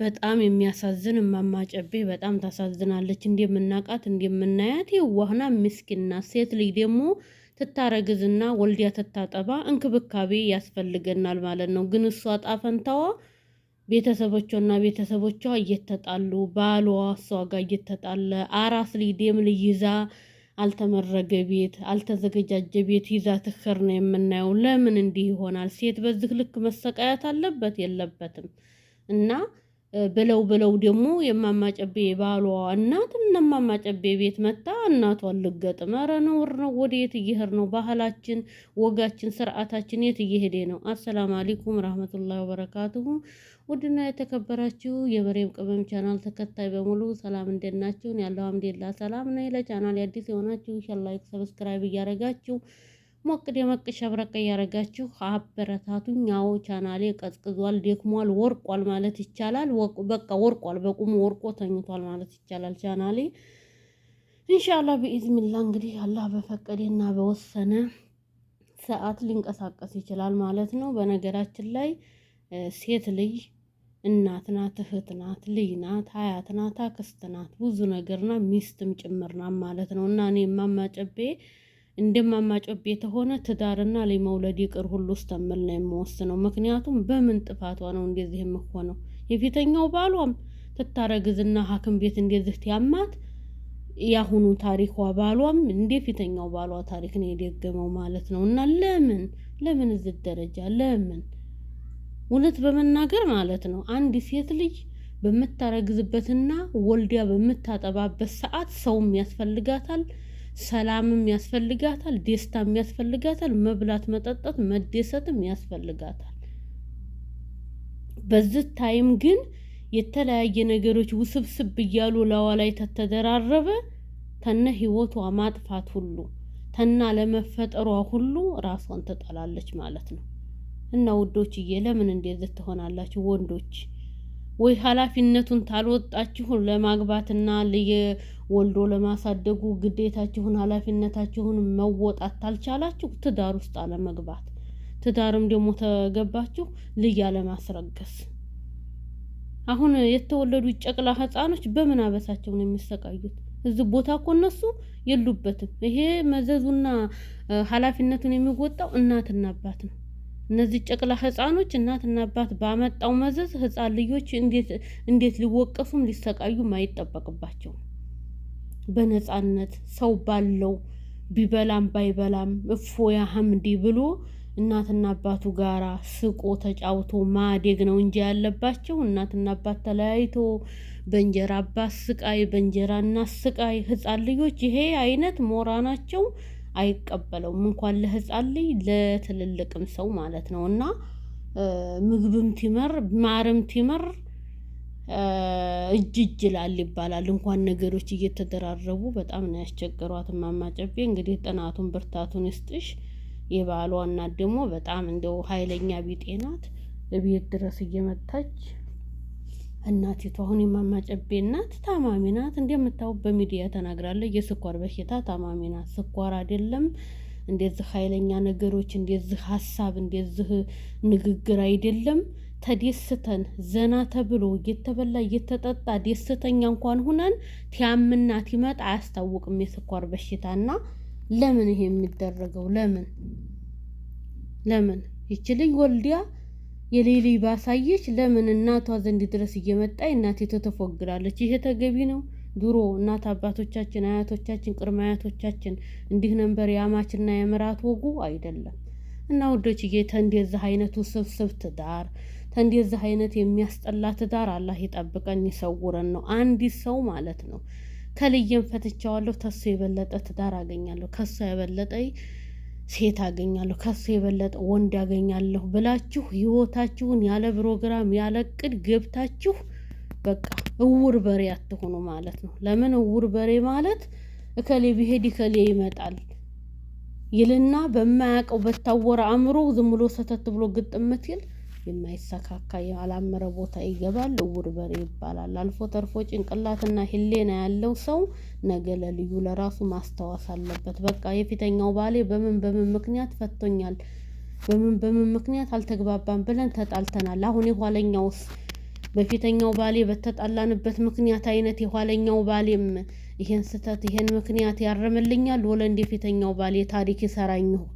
በጣም የሚያሳዝን እማማ ጨቤ በጣም ታሳዝናለች። እንደምናቃት እንደምናያት የዋህና ምስኪና ሴት ልጅ ደግሞ ትታረግዝና ወልዲያ ትታጠባ እንክብካቤ ያስፈልገናል ማለት ነው። ግን እሷ ጣፈንታዋ ቤተሰቦቿና ቤተሰቦቿ እየተጣሉ ባሏ እሷ ጋር እየተጣለ አራስ ልጅ ደም አልተመረገ ቤት አልተዘገጃጀ ቤት ይዛ ትክር ነው የምናየው። ለምን እንዲህ ይሆናል? ሴት በዚህ ልክ መሰቃያት አለበት የለበትም? እና ብለው ብለው ደግሞ የማማጨቤ ባሏ እናት እነ ቤት መጣ። እናቷን ልገጥም። ኧረ ነውር ነው። ወደ የት እየሄድ ነው? ባህላችን፣ ወጋችን፣ ስርዓታችን የት እየሄደ ነው? አሰላሙ አለይኩም ረህመቱላሂ ወበረካቱሁ። ውድና የተከበራችሁ የበሬም ቅመም ቻናል ተከታይ በሙሉ ሰላም እንዴት ያለው አምዴላ ሰላም ነይ። ለቻናል አዲስ የሆናችሁ ሸላይክ ሰብስክራይብ እያደረጋችሁ ሞቅ ደመቅ ሸብረቅ እያደረጋችሁ አበረታቱኝ። አዎ ቻናሌ ቀዝቅዟል፣ ደክሟል፣ ወርቋል ማለት ይቻላል። በቃ ወርቋል፣ በቁሙ ወርቆ ተኝቷል ማለት ይቻላል ቻናሌ። እንሻላ ብኢዝሚላ እንግዲህ አላህ በፈቀደና በወሰነ ሰዓት ሊንቀሳቀስ ይችላል ማለት ነው። በነገራችን ላይ ሴት ልጅ እናት ናት፣ እህት ናት፣ ልጅ ናት፣ አያት ናት፣ አክስት ናት፣ ብዙ ነገር ሚስትም ጭምር ማለት ነው እና እኔ ማማጨቤ እንደማማጮቤ የተሆነ ትዳርና ለመውለድ ይቅር ሁሉ ስተምል ነው የምወስነው። ምክንያቱም በምን ጥፋቷ ነው እንደዚህ የምሆነው? የፊተኛው ባሏም ትታረግዝና ሐኪም ቤት እንደዚህ ያማት ያሁኑ ታሪኳ ባሏም እንደ ፊተኛው ባሏ ታሪክ ነው የደገመው ማለት ነው። እና ለምን ለምን እዚህ ደረጃ ለምን? እውነት በመናገር ማለት ነው አንድ ሴት ልጅ በምታረግዝበትና ወልዲያ በምታጠባበት ሰዓት ሰውም ያስፈልጋታል ሰላምም ያስፈልጋታል፣ ደስታም ያስፈልጋታል፣ መብላት፣ መጠጣት፣ መደሰትም ያስፈልጋታል። በዚህ ታይም ግን የተለያየ ነገሮች ውስብስብ እያሉ ለዋ ላይ ተተደራረበ ተነ ህይወቷ ማጥፋት ሁሉ ተና ለመፈጠሯ ሁሉ ራሷን ትጠላለች ማለት ነው። እና ውዶችዬ ለምን እንደዚህ ትሆናላችሁ ወንዶች? ወይ ኃላፊነቱን ታልወጣችሁን ለማግባትና ወልዶ ለማሳደጉ ግዴታችሁን ኃላፊነታችሁን መወጣት ታልቻላችሁ ትዳር ውስጥ አለመግባት፣ ትዳርም ደግሞ ተገባችሁ ልያ አለማስረገስ። አሁን የተወለዱ ጨቅላ ህፃኖች በምን አበሳቸው ነው የሚሰቃዩት? እዚህ ቦታ እኮ እነሱ የሉበትም። ይሄ መዘዙና ኃላፊነቱን የሚወጣው እናትና አባት ነው። እነዚህ ጨቅላ ህፃኖች እናትና አባት ባመጣው መዘዝ ህፃን ልጆች እንዴት ሊወቀሱም ሊሰቃዩም አይጠበቅባቸውም። በነፃነት ሰው ባለው ቢበላም ባይበላም እፎያ ሐምዲ ብሎ እናትና አባቱ ጋራ ስቆ ተጫውቶ ማደግ ነው እንጂ ያለባቸው። እናትና አባት ተለያይቶ በእንጀራ አባት ስቃይ፣ በእንጀራ እናት ስቃይ ህፃን ልጆች ይሄ አይነት ሞራናቸው አይቀበለውም። እንኳን ለህፃን ልጅ ለትልልቅም ሰው ማለት ነው። እና ምግብም ቲመር ማርም ቲመር እጅ እጅ ላል ይባላል። እንኳን ነገሮች እየተደራረቡ በጣም ነው ያስቸገሯት እማማ ጨቤ። እንግዲህ ጥናቱን ብርታቱን ይስጥሽ። የባሏ እናት ደግሞ በጣም እንደው ኃይለኛ ቢጤ ናት። እቤት ድረስ እየመጣች እናቲቱ አሁን የማማጨቤ እናት ታማሚ ናት። እንደምታውቅ በሚዲያ ተናግራለች። የስኳር በሽታ ታማሚ ናት። ስኳር አይደለም እንደዚህ ኃይለኛ ነገሮች፣ እንደዚህ ሀሳብ፣ እንደዚህ ንግግር አይደለም። ተደስተን ዘና ተብሎ እየተበላ እየተጠጣ ደስተኛ እንኳን ሁነን ቲያምናት ይመጣ አያስታውቅም የስኳር በሽታና ለምን ይሄ የሚደረገው? ለምን ለምን ይች ልጅ ወልዲያ የሌሊ ባሳየች ለምን እናቷ ዘንድ ድረስ እየመጣ እናቴ ተተፎግራለች? ይሄ ተገቢ ነው? ድሮ እናት አባቶቻችን፣ አያቶቻችን፣ ቅድመ አያቶቻችን እንዲህ ነበር የአማችና የምራት ወጉ አይደለም። እና ውዶችዬ ተንደዚህ አይነቱ ስብስብ ትዳር ተንደዚህ አይነት የሚያስጠላ ትዳር አላህ ይጠብቀን ይሰውረን ነው አንዲት ሰው ማለት ነው ከልየም ፈትቻዋለሁ። ተሱ የበለጠ ትዳር አገኛለሁ፣ ከሱ የበለጠ ሴት አገኛለሁ፣ ከሱ የበለጠ ወንድ አገኛለሁ ብላችሁ ህይወታችሁን ያለ ፕሮግራም ያለ እቅድ ገብታችሁ በቃ እውር በሬ አትሆኑ ማለት ነው። ለምን እውር በሬ ማለት እከሌ ቢሄድ እከሌ ይመጣል ይልና በማያውቀው በታወረ አእምሮ ዝም ብሎ ሰተት ብሎ ግጥምት ይል የማይሰካካ ያላመረ ቦታ ይገባል እውር በሬ ይባላል። አልፎ ተርፎ ጭንቅላትና ህሌና ያለው ሰው ነገ ለልዩ ለራሱ ማስታወስ አለበት። በቃ የፊተኛው ባሌ በምን በምን ምክንያት ፈቶኛል በምን በምን ምክንያት አልተግባባም ብለን ተጣልተናል። አሁን የኋለኛውስ በፊተኛው ባሌ በተጣላንበት ምክንያት አይነት የኋለኛው ባሌም ይሄን ስህተት ይሄን ምክንያት ያርምልኛል ወለ እንደ ፊተኛው ባሌ ታሪክ ይሰራኝ ይሆን?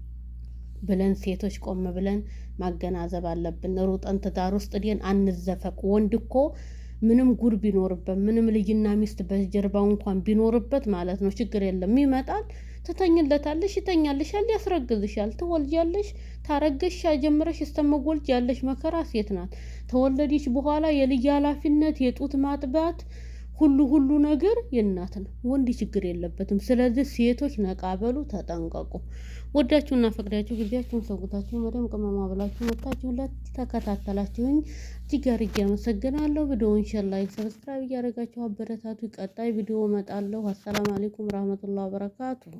ብለን ሴቶች ቆም ብለን ማገናዘብ አለብን። ሩጠን ትዳር ውስጥ ዲን አንዘፈቅ። ወንድ እኮ ምንም ጉድ ቢኖርበት ምንም ልጅና ሚስት በጀርባው እንኳን ቢኖርበት ማለት ነው ችግር የለም ይመጣል፣ ትተኝለታለሽ፣ ይተኛልሻል፣ ያስረግዝሻል፣ ትወልጃለሽ። ታረገሽ ጀምረሽ እስተመወልጅ ያለሽ መከራ ሴት ናት። ተወለዲች በኋላ የልጅ ኃላፊነት የጡት ማጥባት ሁሉ ሁሉ ነገር የእናት ነው። ወንድ ችግር የለበትም። ስለዚህ ሴቶች ነቃበሉ፣ ተጠንቀቁ። ወዳችሁና ፈቅዳችሁ ጊዜያችሁን ሰውታችሁ መደም ቅመማ ብላችሁ መታችሁ ለተከታተላችሁኝ እጅግ አድርጌ አመሰግናለሁ። ቪዲዮውን ሼር፣ ላይክ፣ ሰብስክራይብ እያደረጋችሁ አበረታቱ። ቀጣይ ቪዲዮ እመጣለሁ። አሰላም አሌይኩም ረህመቱላ በረካቱሁ